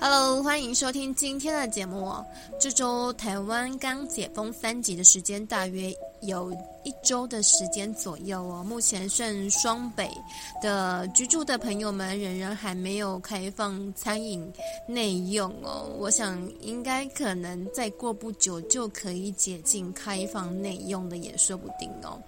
哈嘍，Hello, 歡迎收聽今天的節目。這週台灣剛解封三級的時間大約。有一週的時間左右哦，目前剩雙北的居住的朋友們仍然還沒有開放餐飲內用哦。我想應該可能再過不久就可以解禁開放內用的也說不定哦。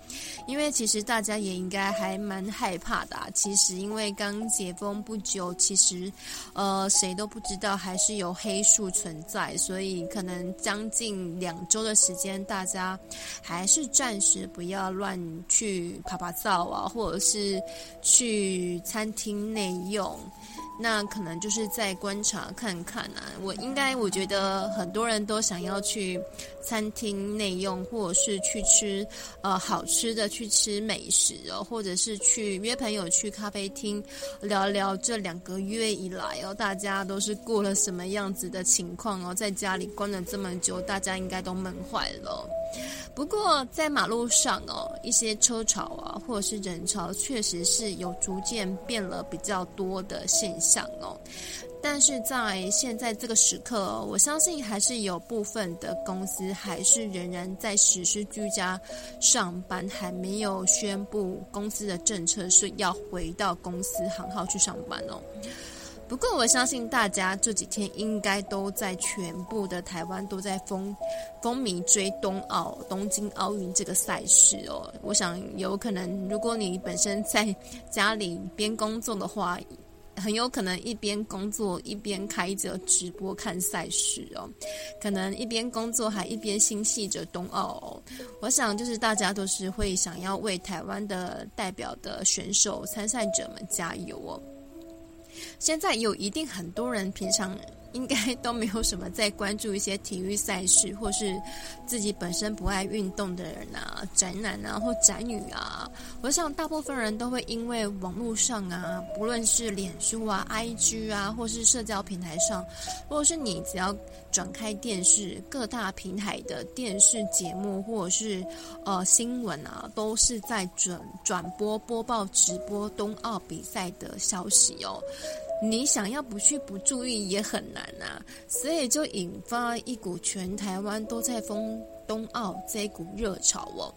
因為其實大家也應該還蠻害怕的，啊，其實因為剛解封不久，其實呃誰都不知道還是有黑數存在，所以可能將近兩週的時間大家還是。暫時不要亂去趴趴走啊，或者是去餐廳內用。那可能就是在觀察看看啊。我應該我覺得很多人都想要去餐廳內用，或者是去吃呃好吃的，去吃美食哦，或者是去約朋友去咖啡廳聊聊這兩個月以來哦，大家都是過了什麼樣子的情況哦，在家裡關了這麼久，大家應該都悶壞了。不過，在馬路上哦，一些車潮啊，或者是人潮，確實是有逐漸變了比較多的現象哦。但是在現在這個時刻哦，我相信還是有部分的公司還是仍然在實施居家上班，還沒有宣布公司的政策是要回到公司行號去上班哦。不過我相信大家這幾天應該都在全部的台灣都在風，風靡追東奧東京奧運這個賽事哦。我想有可能，如果你本身在家裡邊工作的話，很有可能一邊工作一邊開着直播看賽事哦。可能一邊工作還一邊心繫着東奧哦。我想就是大家都是會想要為台灣的代表的選手參賽者們加油哦。現在有一定很多人平常，應該都沒有什麼在關注一些體育賽事，或是自己本身不愛運動的人啊，宅男啊或宅女啊。我想大部分人都會因為網絡上啊，不論是臉書啊、IG 啊，或是社交平台上，或者是你只要轉開電視，各大平台的電視節目或者是呃新聞啊，都是在轉轉播播報直播東奧比賽的消息哦。你想要不去不注意也很難啊，所以就引發一股全台灣都在瘋東奧這一股熱潮哦。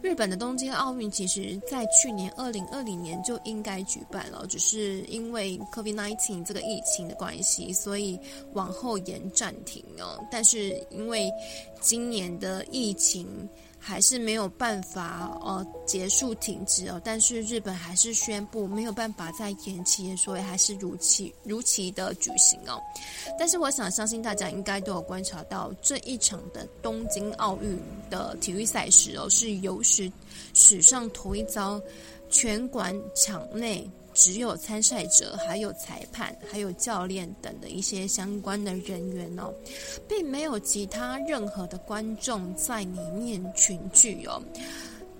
日本的東京奧運其實在去年二零二零年就應該舉辦了，只是因為 COVID nineteen 這個疫情的關係，所以往後延暫停哦。但是因為今年的疫情。還是沒有辦法呃結束停止哦，但是日本還是宣布，沒有辦法再延期，所以還是如期如期的舉行哦。但是我想相信大家應該都有觀察到，這一場的東京奧運的體育賽事哦，是有史史上頭一遭，全館場內。只有參賽者，還有裁判，還有教練等的一些相關的人員哦，並沒有其他任何的觀眾在裡面群聚哦。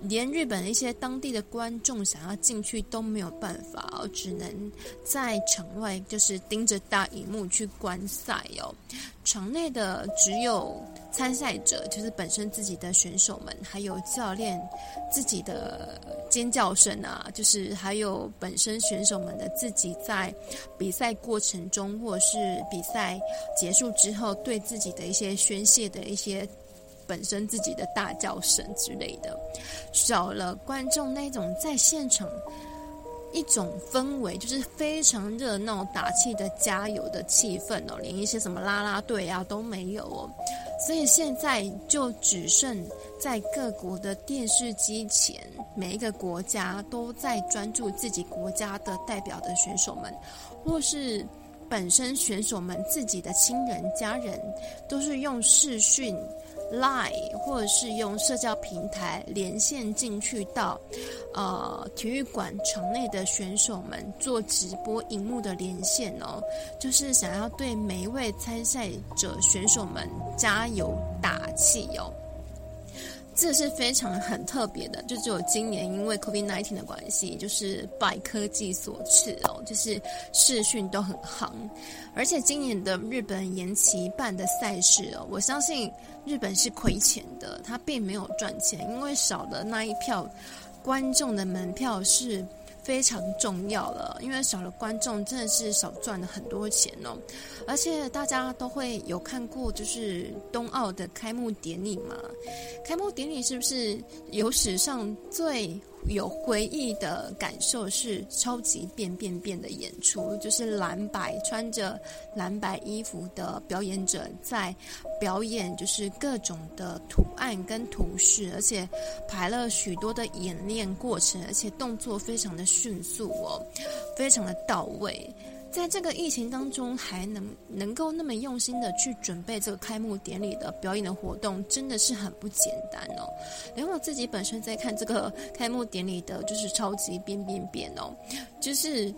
連日本一些當地的觀眾想要進去都沒有辦法哦，只能在場外，就是盯着大熒幕去觀賽哦。場內的只有參賽者，就是本身自己的選手們，還有教練自己的尖叫聲啊，就是還有本身選手們的自己在比賽過程中或者是比賽結束之後對自己的一些宣洩的一些。本身自己的大叫聲之類的，少了觀眾那種在現場一種氛圍，就是非常熱鬧、打氣的加油的氣氛哦，連一些什麼拉拉隊啊都沒有哦，所以現在就只剩在各國的電視機前，每一個國家都在專注自己國家的代表的選手們，或是本身選手們自己的親人家人，都是用視訊。live 或者是用社交平台連線進去到，呃，體育館場內的選手們做直播，熒幕的連線哦，就是想要對每一位參賽者選手們加油打氣喲、哦。這是非常很特別的，就只有今年因為 COVID-19 的關係，就是拜科技所賜哦，就是視訊都很行，而且今年的日本延期辦的賽事哦，我相信日本是虧錢的，他並沒有賺錢，因為少了那一票觀眾的門票是，非常重要了，因為少了觀眾，真的是少賺了很多錢哦。而且大家都會有看過，就是東奧的開幕典禮嘛。開幕典禮是不是有史上最？有回憶的感受是超級變變變的演出，就是藍白穿着藍白衣服的表演者在表演，就是各種的圖案跟圖示，而且排了許多的演練過程，而且動作非常的迅速哦，非常的到位。在這個疫情當中，還能能夠那麼用心的去準備這個開幕典禮的表演的活動，真的是很不簡單哦。連我自己本身在看這個開幕典禮的，就是超級變變變哦，就是。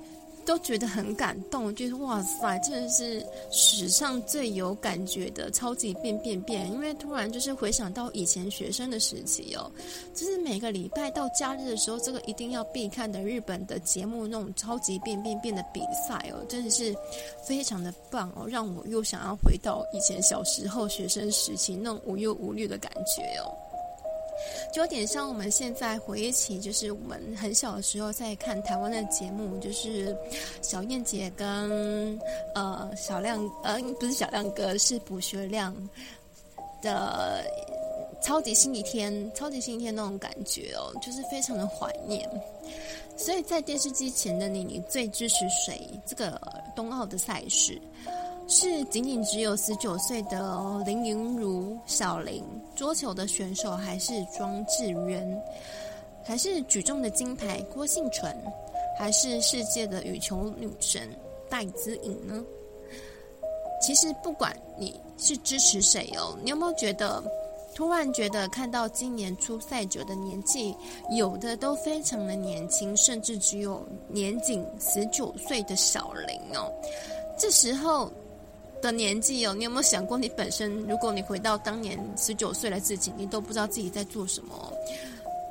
都覺得很感動，就是哇塞，真的是史上最有感覺的超級變變變！因為突然就是回想到以前學生的時期哦，就是每個禮拜到假日的時候，這個一定要必看的日本的節目那種超級變變變的比賽哦，真的是非常的棒哦，讓我又想要回到以前小時候學生時期那種無憂無慮的感覺哦。就有點像我們現在回憶起，就是我們很小的時候在看台灣的節目，就是小燕姐跟呃小亮，呃不是小亮哥，是卜學亮的《超級星期天》，超級星期天那種感覺哦，就是非常的懷念。所以在電視機前的你，你最支持誰？這個東奧的賽事？是僅僅只有十九歲的林昀儒，小林，桌球的選手，還是莊智淵，還是舉重的金牌郭婞淳，還是世界的羽球女神戴資穎呢？其實不管你是支持誰哦，你有沒有覺得突然覺得看到今年出賽者的年紀，有的都非常的年輕，甚至只有年僅十九歲的小林哦，這時候。的年紀哦，你有沒有想過，你本身如果你回到當年十九歲的自己，你都不知道自己在做什麼？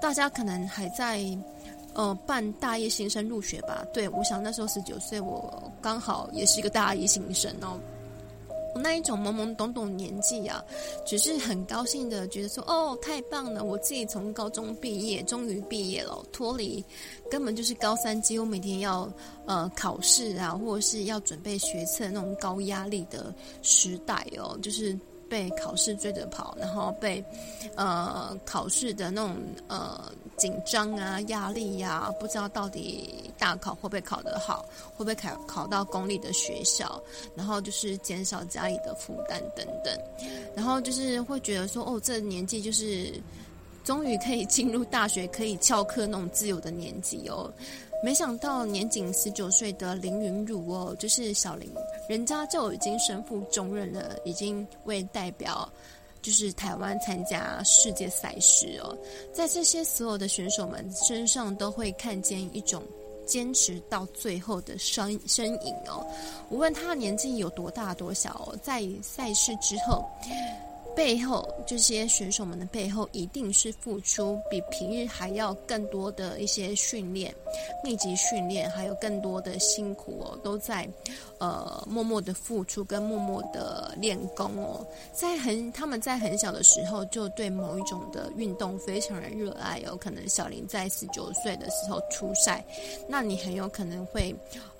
大家可能還在，呃，辦大一新生入學吧。對，我想那時候十九歲，我剛好也是一個大一新生哦。那一種懵懵懂懂年紀啊，只是很高興的覺得說，哦，太棒了！我自己從高中畢業，終於畢業了，脫離根本就是高三幾乎每天要呃考試啊，或者是要準備學測那種高壓力的時代哦，就是。被考試追着跑，然後被呃考試的那種呃緊張啊、壓力呀、啊，不知道到底大考會不會考得好，會不會考考到公立的學校，然後就是減少家裡的負擔等等，然後就是會覺得說，哦，這個、年紀就是終於可以進入大學，可以翹課那種自由的年紀哦。沒想到年僅十九歲的凌雲茹哦，就是小林。人家就已經身負重任了，已經為代表，就是台灣參加世界賽事哦。在這些所有的選手們身上，都會看見一種堅持到最後的身身影哦。無論他年紀有多大多小、哦，在賽事之後。背後這些選手們的背後，一定是付出比平日還要更多的一些訓練、密集訓練，還有更多的辛苦哦，都在呃默默的付出跟默默的練功哦。在很他們在很小的時候就對某一種的運動非常的熱愛有、哦、可能小林在十九歲的時候出賽，那你很有可能會。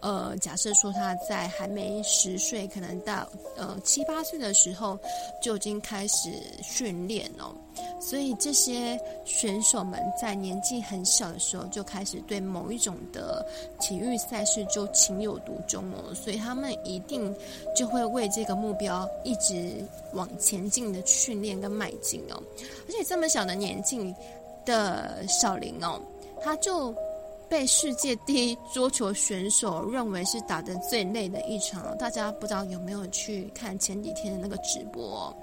呃，假設說他在還沒十歲，可能到呃七八歲的時候，就已經開始訓練哦。所以這些選手們在年紀很小的時候就開始對某一種的體育賽事就情有獨鍾哦。所以他們一定就會為這個目標一直往前進的訓練跟邁進哦。而且這麼小的年紀的小林哦，他就。被世界第一桌球選手認為是打得最累的一場，大家不知道有沒有去看前幾天的那個直播？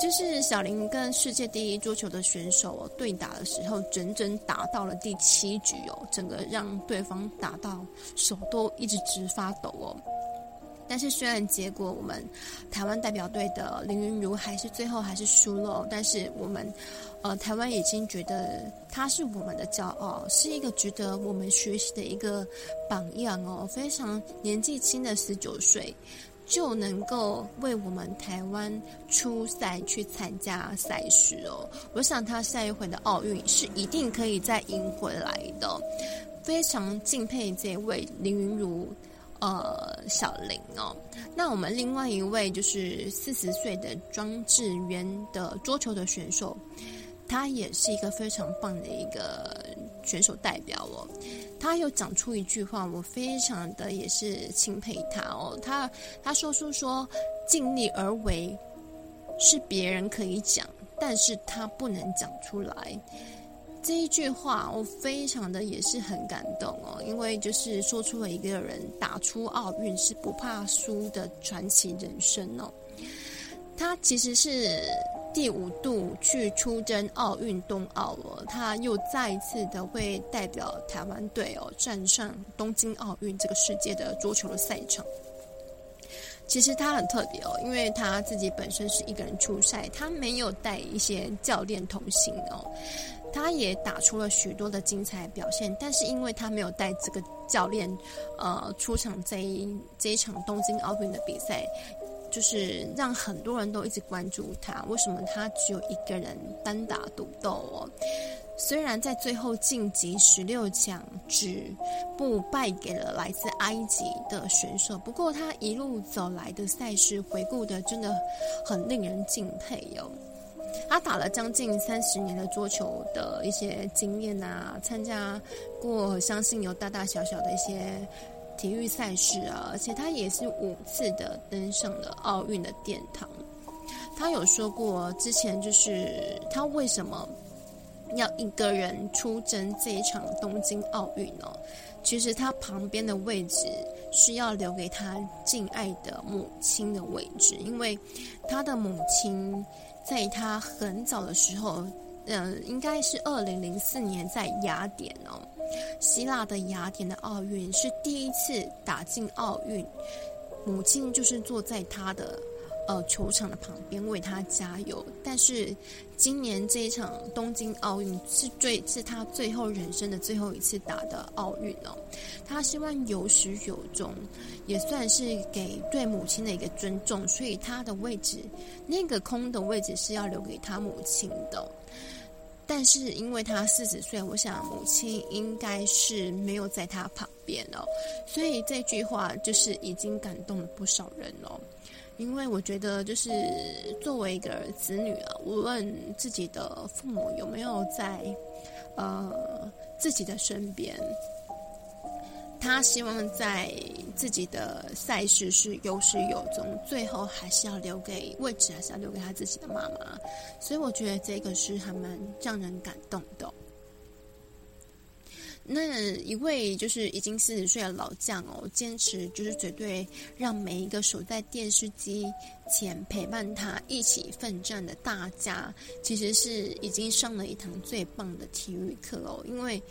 就是小林跟世界第一桌球的選手對打的時候，整整打到了第七局哦，整個讓對方打到手都一直直發抖哦。但是雖然結果我們台灣代表隊的林昀儒還是最後還是輸了，但是我們呃台灣已經覺得她是我們的驕傲，是一個值得我們學習的一個榜樣哦。非常年紀輕的十九歲就能夠為我們台灣出賽去參加賽事哦，我想他下一回的奧運是一定可以再贏回來的。非常敬佩這位林昀儒。呃，小林哦，那我們另外一位就是四十歲的莊智淵的桌球的選手，他也是一個非常棒的一個選手代表哦。他又講出一句話，我非常的也是欽佩他哦。他他說出說盡力而為是別人可以講，但是他不能講出來。這一句話，我非常的也是很感動哦，因為就是說出了一個人打出奧運是不怕輸的傳奇人生哦。他其實是第五度去出征奧運東奧了，他又再一次的會代表台灣隊哦，站上東京奧運這個世界的桌球的賽場。其實他很特別哦，因為他自己本身是一個人出賽，他沒有帶一些教練同行哦。他也打出了許多的精彩的表現，但是因為他沒有帶這個教練，呃，出場這一這一場東京奧運的比賽，就是讓很多人都一直關注他。為什麼他只有一個人單打獨鬥哦？雖然在最後晉級十六強，止步敗給了來自埃及的選手，不過他一路走來的賽事回顧的真的很令人敬佩喲。他打了將近三十年的桌球的一些經驗啊，參加過，相信有大大小小的一些體育賽事啊，而且他也是五次的登上了奧運的殿堂。他有說過，之前就是他為什麼要一個人出征這一場東京奧運呢、哦？其實他旁邊的位置是要留給他敬愛的母親的位置，因為他的母親。在他很早的時候，嗯，應該是二零零四年，在雅典哦，希臘的雅典的奧運是第一次打進奧運，母親就是坐在他的。呃，球場的旁邊為他加油。但是今年這一場東京奧運是最是他最後人生的最後一次打的奧運哦。他希望有始有終，也算是給對母親的一個尊重。所以他的位置，那個空的位置是要留給他母親的。但是因為他四十歲，我想母親應該是沒有在他旁邊哦。所以這句話就是已經感動了不少人哦。因為我覺得，就是作為一個子女啊，無論自己的父母有沒有在，呃，自己的身邊。他希望在自己的賽事是有始有終，最後還是要留給位置，還是要留給他自己的媽媽。所以我覺得這個是還蠻讓人感動的。那一位就是已經四十歲的老將哦，堅持就是絕對讓每一個守在電視機前陪伴他一起奮戰的大家，其實是已經上了一堂最棒的體育課哦。因為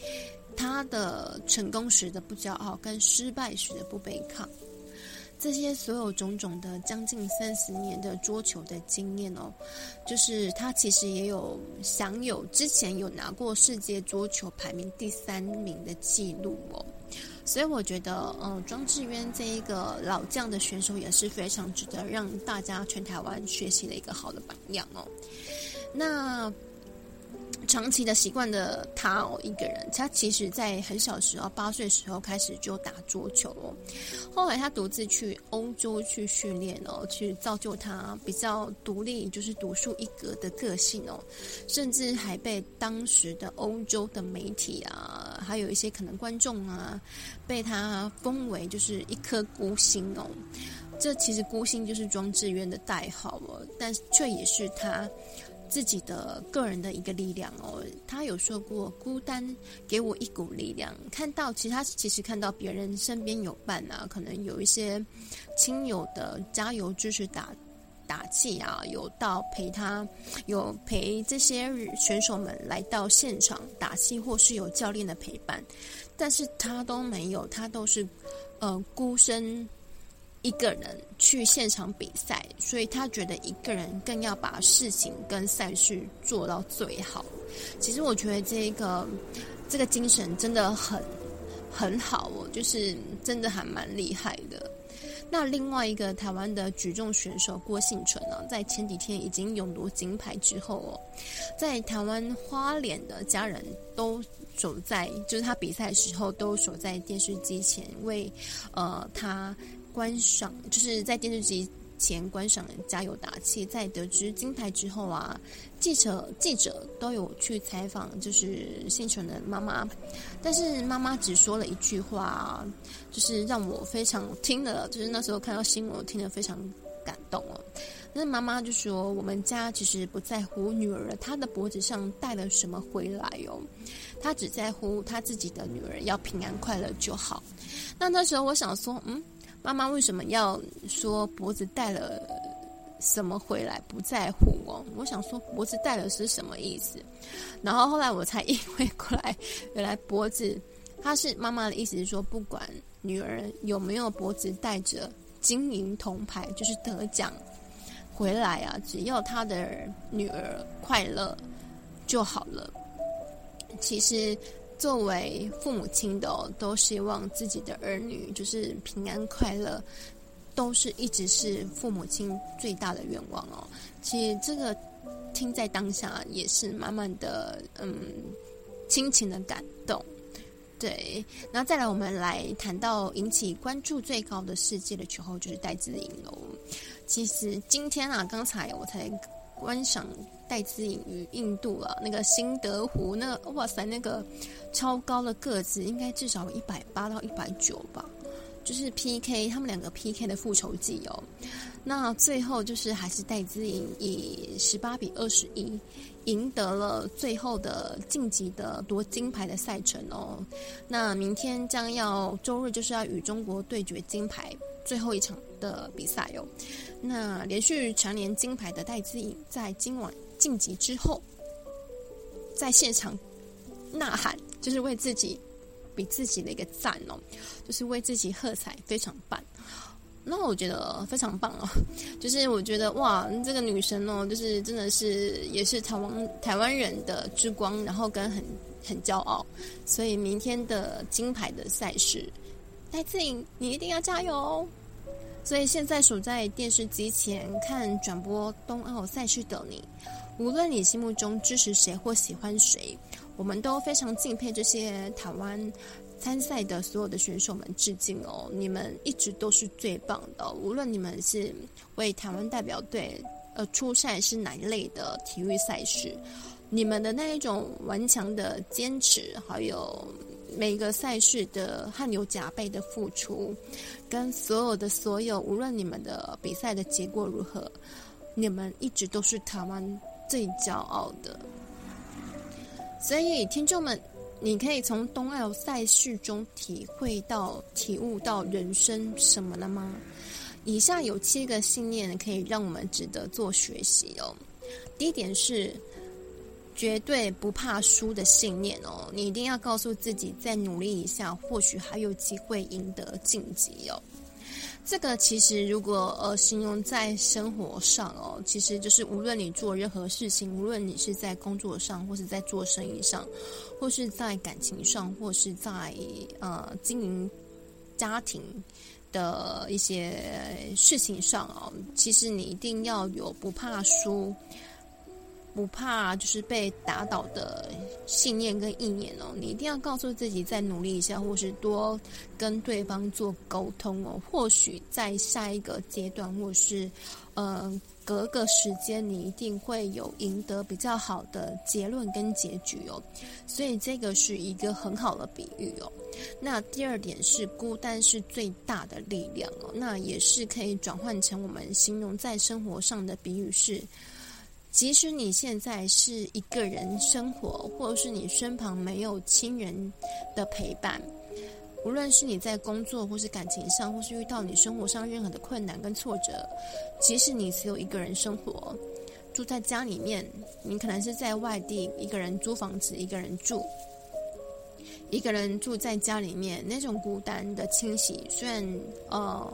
他的成功時的不驕傲，跟失敗時的不悲抗。這些所有種種的將近三十年的桌球的經驗哦，就是他其實也有享有之前有拿過世界桌球排名第三名的記錄哦，所以我覺得，嗯、呃，莊智淵這一個老將的選手也是非常值得讓大家全台灣學習的一個好的榜樣哦。那。長期的習慣的他哦，一個人，他其實在很小時候，八歲的時候開始就打桌球哦，後來他獨自去歐洲去訓練哦，去造就他比較獨立，就是獨樹一格的個性哦，甚至還被當時的歐洲的媒體啊，還有一些可能觀眾啊，被他封為就是一顆孤星哦，這其實孤星就是莊智淵的代號哦，但卻也是他。自己的個人的一個力量哦，他有說過，孤單給我一股力量。看到其他，其實看到別人身邊有伴啊，可能有一些親友的加油就是打打氣啊，有到陪他，有陪這些選手們來到現場打氣，或是有教練的陪伴，但是他都沒有，他都是呃孤身。一個人去現場比賽，所以他覺得一個人更要把事情跟賽事做到最好。其實我覺得這個這個精神真的很很好哦，就是真的還蠻厲害的。那另外一個台灣的舉重選手郭婞淳呢、啊，在前幾天已經勇奪金牌之後哦，在台灣花蓮的家人都守在，就是他比賽的時候都守在電視機前，因為呃他。觀賞就是在電視機前觀賞，加油打氣。在得知金牌之後啊，記者記者都有去採訪，就是幸存的媽媽。但是媽媽只說了一句話，就是讓我非常聽的，就是那時候看到新聞，我聽得非常感動哦、啊。那媽媽就說：“我們家其實不在乎女兒她的脖子上帶了什麼回來哦，她只在乎她自己的女兒要平安快樂就好。”那那時候我想說，嗯。媽媽為什麼要說脖子帶了什麼回來不在乎哦？我想說脖子帶了是什麼意思？然後後來我才意會過來，原來脖子她是媽媽的意思是說，不管女兒有沒有脖子帶着金銀銅牌，就是得獎回來啊，只要她的女兒快樂就好了。其實。作為父母親的、哦，都希望自己的兒女就是平安快樂，都是一直是父母親最大的願望哦。其實這個聽在當下也是滿滿的嗯親情的感動。對，然後再來我們來談到引起關注最高的世界的時候，就是戴資穎嘍。其實今天啊，剛才我才。觀賞戴資穎與印度啊，那個辛德湖，那個哇塞，那個超高的個子，應該至少有一百八到一百九吧，就是 PK 他們兩個 PK 的復仇記哦，那最後就是還是戴資穎以十八比二十一贏得了最後的晉級的奪金牌的賽程哦，那明天將要週日就是要與中國對決金牌，最後一場的比賽哦，那連續蟬聯金牌的戴資穎在今晚晉級之後，在現場吶喊，就是為自己比自己的一個讚哦，就是為自己喝彩，非常棒。那我覺得非常棒哦，就是我覺得哇，這個女神哦，就是真的是也是台灣台灣人的之光，然後跟很很驕傲。所以明天的金牌的賽事，戴資穎，你一定要加油哦！所以現在守在電視機前看轉播東奧賽事的你，無論你心目中支持誰或喜歡誰，我們都非常敬佩這些台灣參賽的所有的選手們，致敬哦！你們一直都是最棒的哦，無論你們是為台灣代表隊呃出賽是哪一類的體育賽事，你們的那一種頑強的堅持還有。每一個賽事的汗流浹背的付出，跟所有的所有，無論你們的比賽的結果如何，你們一直都是台灣最驕傲的。所以，聽眾們，你可以從東奧賽事中體會到、體悟到人生什麼了嗎？以下有七個信念可以讓我們值得做學習哦。第一點是。絕對不怕輸的信念哦，你一定要告訴自己，再努力一下，或許還有機會贏得晉級哦。這個其實如果呃，形容在生活上哦，其實就是無論你做任何事情，無論你是在工作上，或是在做生意上，或是在感情上，或是在呃經營家庭的一些事情上哦，其實你一定要有不怕輸，不怕就是被打倒的信念跟意念哦，你一定要告訴自己再努力一下，或是多跟對方做溝通哦。或許在下一個階段，或是嗯，呃，隔個時間，你一定會有贏得比較好的結論跟結局哦。所以這個是一個很好的比喻哦。那第二點是孤單是最大的力量哦，那也是可以轉換成我們形容在生活上的比喻是。即使你現在是一個人生活，或者是你身旁沒有親人的陪伴，無論是你在工作，或是感情上，或是遇到你生活上任何的困難跟挫折，即使你只有一個人生活，住在家裡面，你可能是在外地一個人租房子，一個人住，一個人住在家裡面，那種孤單的侵襲。雖然呃，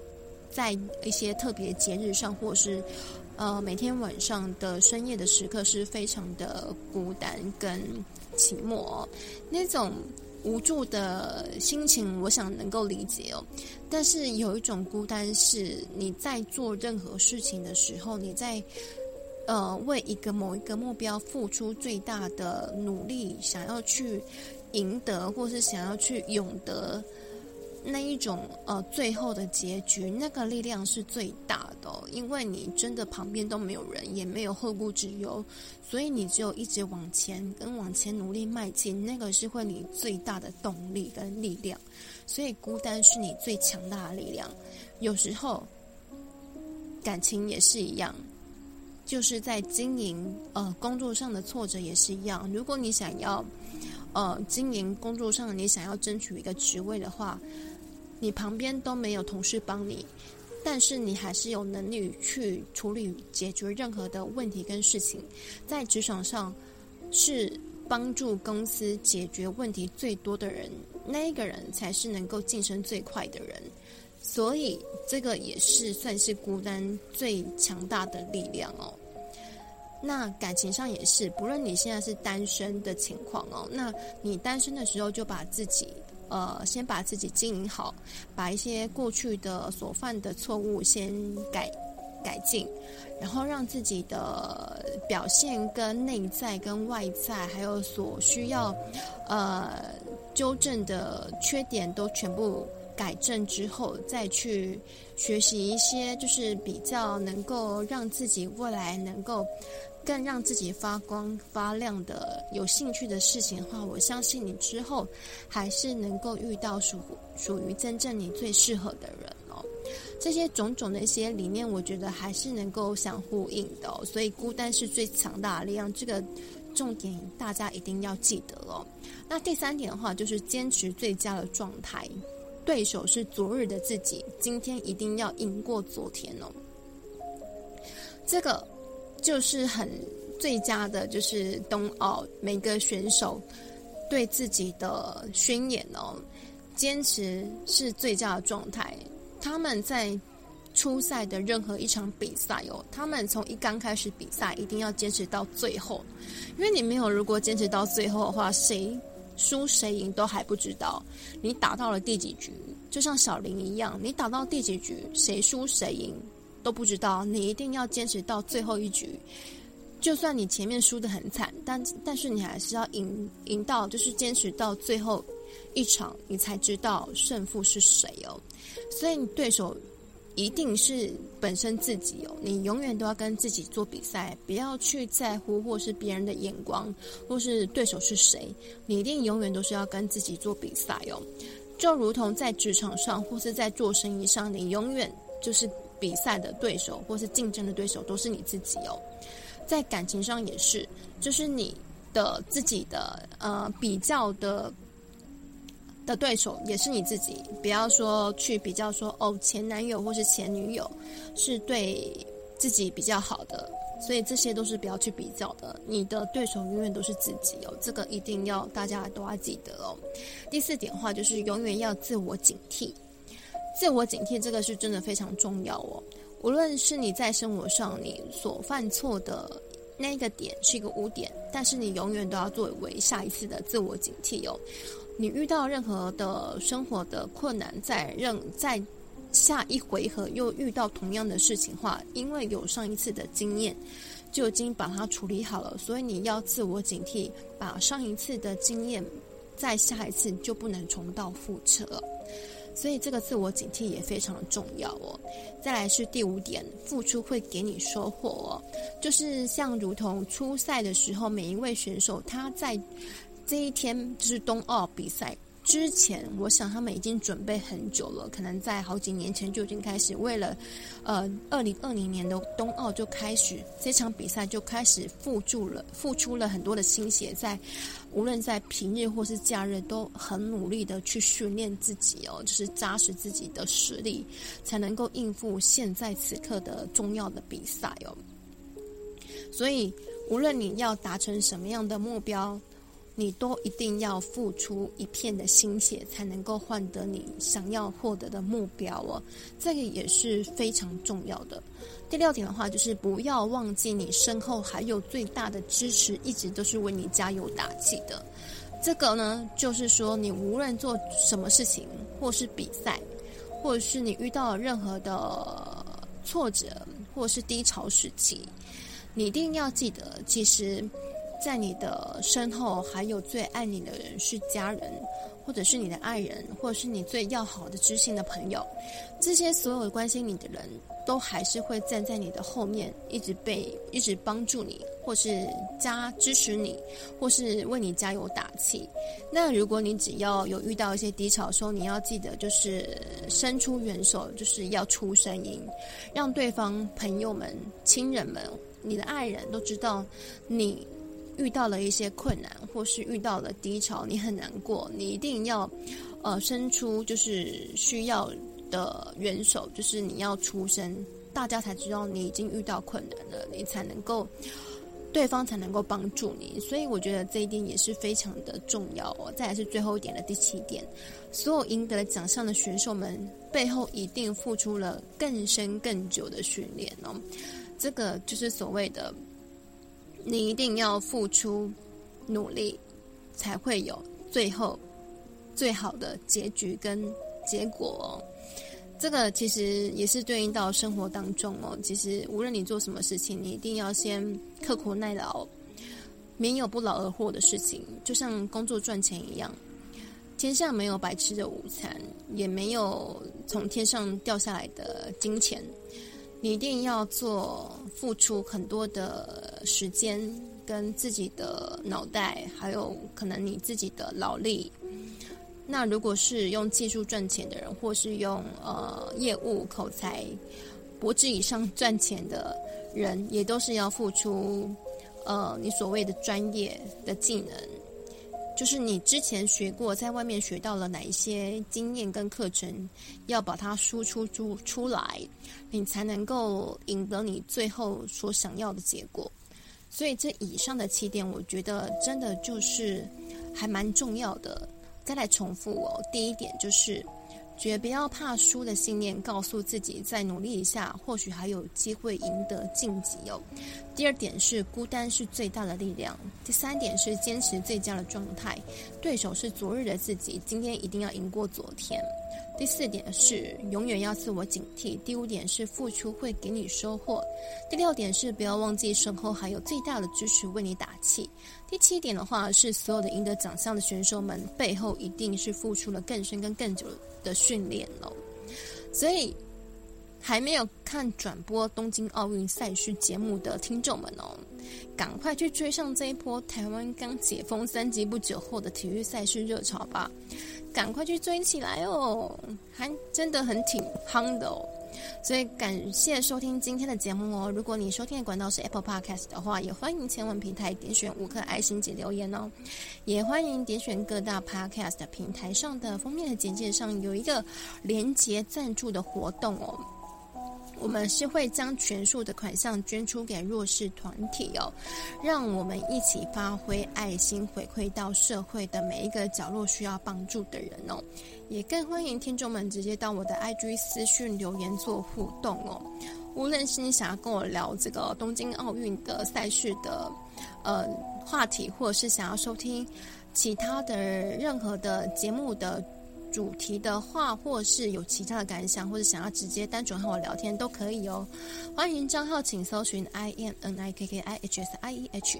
在一些特別節日上，或是。呃，每天晚上的深夜的時刻是非常的孤單跟寂寞哦，那種無助的心情，我想能夠理解哦。但是有一種孤單，是你在做任何事情的時候，你在呃為一個某一個目標付出最大的努力，想要去贏得或是想要去贏得。那一種呃，最後的結局，那個力量是最大的哦，因為你真的旁邊都沒有人，也沒有後顧之憂，所以你只有一直往前跟往前努力邁進，那個是會你最大的動力跟力量，所以孤單是你最強大的力量。有時候感情也是一樣，就是在經營呃工作上的挫折也是一樣。如果你想要呃經營工作上，你想要爭取一個職位的話。你旁邊都沒有同事幫你，但是你還是有能力去處理解決任何的問題跟事情，在職場上是幫助公司解決問題最多的人，那一個人才是能夠晉升最快的人。所以這個也是算是孤單最強大的力量哦。那感情上也是，不論你現在是單身的情況哦，那你單身的時候就把自己。呃，先把自己經營好，把一些過去的所犯的錯誤先改改進，然後讓自己的表現跟內在跟外在還有所需要呃糾正的缺點都全部改正之後，再去學習一些就是比較能夠讓自己未來能夠。更讓自己發光發亮的、有興趣的事情的話，我相信你之後還是能夠遇到屬屬於真正你最適合的人哦。這些種種的一些理念，我覺得還是能夠相呼應的哦。所以，孤單是最強大的力量，這個重點大家一定要記得哦。那第三點的話，就是堅持最佳的狀態，對手是昨日的自己，今天一定要贏過昨天哦。這個。就是很最佳的，就是東奧每個選手對自己的宣言哦，堅持是最佳的狀態。他們在初賽的任何一場比賽哦，他們從一剛開始比賽，一定要堅持到最後。因為你沒有，如果堅持到最後的話，誰輸誰贏都還不知道。你打到了第幾局，就像小林一樣，你打到第幾局，誰輸誰贏。都不知道，你一定要堅持到最後一局，就算你前面輸得很慘，但但是你還是要贏贏到，就是堅持到最後一場，你才知道勝負是誰哦。所以你對手一定是本身自己哦，你永遠都要跟自己做比賽，不要去在乎或是別人的眼光，或是對手是誰，你一定永遠都是要跟自己做比賽哦。就如同在職場上或是在做生意上，你永遠就是。比賽的對手或是競爭的對手都是你自己哦，在感情上也是，就是你的自己的呃比較的的對手也是你自己，不要說去比較說哦，前男友或是前女友是對自己比較好的，所以這些都是不要去比較的，你的對手永遠都是自己哦，這個一定要大家都要記得哦。第四點的話就是永遠要自我警惕。自我警惕，這個是真的非常重要哦。無論是你在生活上你所犯錯的那個點是一個污點，但是你永遠都要作為下一次的自我警惕哦。你遇到任何的生活的困難，在任在下一回合又遇到同樣的事情的話，因為有上一次的經驗就已經把它處理好了，所以你要自我警惕，把上一次的經驗在下一次就不能重蹈覆轍。所以這個自我警惕也非常的重要哦。再來是第五點，付出會給你收穫哦，就是像如同初賽的時候，每一位選手他在這一天就是東奧比賽。之前，我想他們已經準備很久了，可能在好幾年前就已經開始，為了，呃，二零二零年的東奧就開始這場比賽就開始付出了付出了很多的心血在，在無論在平日或是假日都很努力的去訓練自己哦，就是扎實自己的實力，才能夠應付現在此刻的重要的比賽哦。所以，無論你要達成什麼樣的目標，你都一定要付出一片的心血，才能夠換得你想要獲得的目標哦。這個也是非常重要的。第六點的話，就是不要忘記你身後還有最大的支持，一直都是為你加油打氣的。這個呢，就是說你無論做什麼事情，或是比賽，或者是你遇到了任何的挫折或是低潮時期，你一定要記得，其實。在你的身後還有最愛你的人是家人，或者是你的愛人，或者是你最要好的知心的朋友，這些所有關心你的人都還是會站在你的後面，一直被一直幫助你，或是加支持你，或是為你加油打氣。那如果你只要有遇到一些低潮的時候，你要記得就是伸出援手，就是要出聲音，讓對方朋友們、親人們、你的愛人都知道你。遇到了一些困難，或是遇到了低潮，你很難過。你一定要，呃，伸出就是需要的援手，就是你要出聲，大家才知道你已經遇到困難了，你才能夠，對方才能夠幫助你。所以我覺得這一點也是非常的重要哦。再來是最後一點的第七點，所有贏得了獎項的選手們背後一定付出了更深更久的訓練哦。這個就是所謂的。你一定要付出努力，才會有最後最好的結局跟結果哦。這個其實也是對應到生活當中哦。其實無論你做什麼事情，你一定要先刻苦耐勞，沒有不勞而獲的事情。就像工作賺錢一樣，天下沒有白吃的午餐，也沒有從天上掉下來的金錢。你一定要做付出很多的時間跟自己的腦袋，還有可能你自己的勞力。那如果是用技術賺錢的人，或是用呃業務口才、脖子以上賺錢的人，也都是要付出呃你所謂的專業的技能。就是你之前學過，在外面學到了哪一些經驗跟課程，要把它輸出出出來，你才能夠贏得你最後所想要的結果。所以這以上的七點，我覺得真的就是還蠻重要的。再來重複哦，第一點就是，絕不要怕輸的信念，告訴自己再努力一下，或許還有機會贏得晉級哦。第二點是孤單是最大的力量。第三點是堅持最佳的狀態，對手是昨日的自己，今天一定要贏過昨天。第四點是永遠要自我警惕。第五點是付出會給你收穫。第六點是不要忘記身後還有最大的支持為你打氣。第七點的話是所有的贏得獎項的選手們背後一定是付出了更深更久的訓練哦，所以。還沒有看轉播東京奧運賽事節目的聽眾們哦，趕快去追上這一波台灣剛解封三級不久後的體育賽事熱潮吧！趕快去追起來哦，還真的很挺夯的哦。所以感謝收聽今天的節目哦。如果你收聽的管道是 Apple Podcast 的話，也歡迎前往平台點選五顆愛心及留言哦。也歡迎點選各大 Podcast 平台上的封面的簡介上有一個連結贊助的活動哦。我們是會將全數的款項捐出給弱勢團體哦，讓我們一起發揮愛心回饋到社會的每一個角落需要幫助的人哦，也更歡迎聽眾們直接到我的 IG 私訊留言做互動哦，無論是你想要跟我聊這個東京奧運的賽事的呃話題，或者是想要收聽其他的任何的節目的主題的話，或是有其他的感想，或者想要直接單純和我聊天都可以哦。歡迎帳號，請搜尋、IN、N I K K I H S I E H。S I、e h，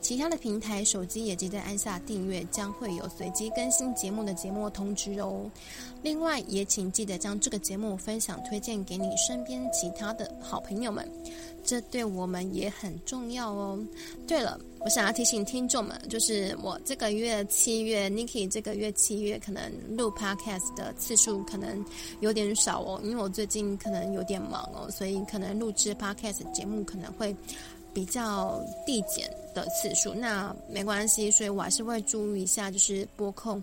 其他的平台手機也記得按下訂閱，將會有隨機更新節目的節目通知哦。另外也請記得將這個節目分享推薦給你身邊其他的好朋友們，這對我們也很重要哦。對了。我想要提醒聽眾們，就是我這個月七月 Nicky 這個月七月可能錄 Podcast 的次數可能有點少哦，因為我最近可能有點忙哦，所以可能錄製 Podcast 節目可能會比較遞減的次數。那沒關係，所以我還是會注意一下，就是撥空。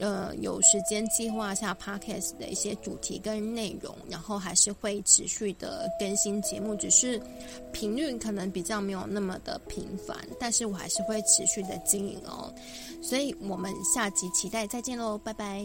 呃，有時間計劃一下 podcast 的一些主題跟內容，然後還是會持續的更新節目，只是頻率可能比較沒有那麼的頻繁，但是我還是會持續的經營哦。所以，我們下集期待再見嘍，拜拜。